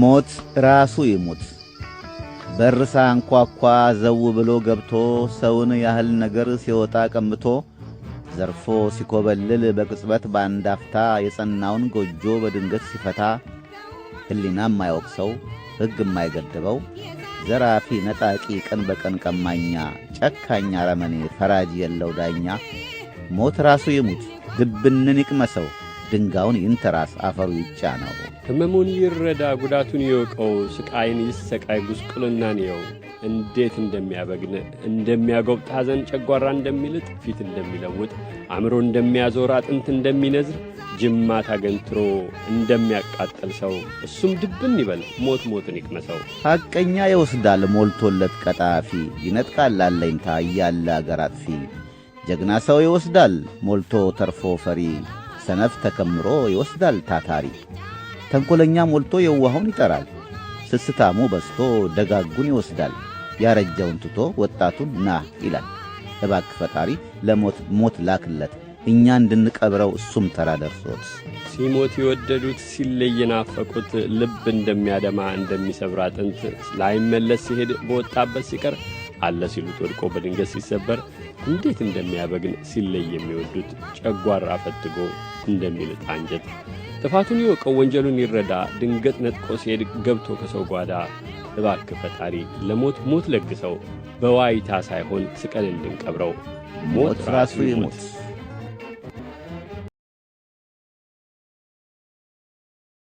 ሞት ራሱ ይሙት በር ሳያንኳኳ ዘው ብሎ ገብቶ ሰውን ያህል ነገር ሲወጣ ቀምቶ ዘርፎ ሲኮበልል በቅጽበት ባንዳፍታ የጸናውን ጎጆ በድንገት ሲፈታ ሕሊና የማይወቅሰው ሕግ የማይገድበው ዘራፊ ነጣቂ፣ ቀን በቀን ቀማኛ፣ ጨካኝ አረመኔ፣ ፈራጅ የለው ዳኛ ሞት ራሱ ይሙት ድብንን ይቅመሰው። ድንጋዩን ይንተራስ፣ አፈሩ ይጫ ነው። ህመሙን ይረዳ፣ ጉዳቱን ይወቀው፣ ሥቃይን ይሰቃይ፣ ጉስቁልናን የው። እንዴት እንደሚያበግን እንደሚያጎብጥ፣ ሐዘን ጨጓራ እንደሚልጥ፣ ፊት እንደሚለውጥ፣ አእምሮ እንደሚያዞር፣ አጥንት እንደሚነዝር፣ ጅማት አገንትሮ እንደሚያቃጥል ሰው እሱም ድብን ይበል፣ ሞት ሞትን ይቅመሰው። ሐቀኛ ይወስዳል ሞልቶለት ቀጣፊ፣ ይነጥቃል አለኝታ እያለ አገር አጥፊ። ጀግና ሰው ይወስዳል ሞልቶ ተርፎ ፈሪ ሰነፍ ተከምሮ ይወስዳል ታታሪ። ተንኰለኛ ሞልቶ የዋኸውን ይጠራል። ስስታሙ በስቶ ደጋጉን ይወስዳል። ያረጀውን ትቶ ወጣቱን ና ይላል። እባክ ፈጣሪ ለሞት ሞት ላክለት እኛ እንድንቀብረው እሱም ተራ ደርሶት ሲሞት የወደዱት ሲለይ የናፈቁት ልብ እንደሚያደማ እንደሚሰብር አጥንት ላይመለስ ሲሄድ በወጣበት ሲቀር አለ ሲሉት ወድቆ በድንገት ሲሰበር እንዴት እንደሚያበግን ሲለይ የሚወዱት ጨጓራ ፈትጎ እንደሚልጥ አንጀት ጥፋቱን ይወቀው፣ ወንጀሉን ይረዳ። ድንገት ነጥቆ ሲሄድ ገብቶ ከሰው ጓዳ እባክ ፈጣሪ ለሞት ሞት ለግሰው፣ በዋይታ ሳይሆን ስቀል ቀብረው ሞት ራሱ ይሞት።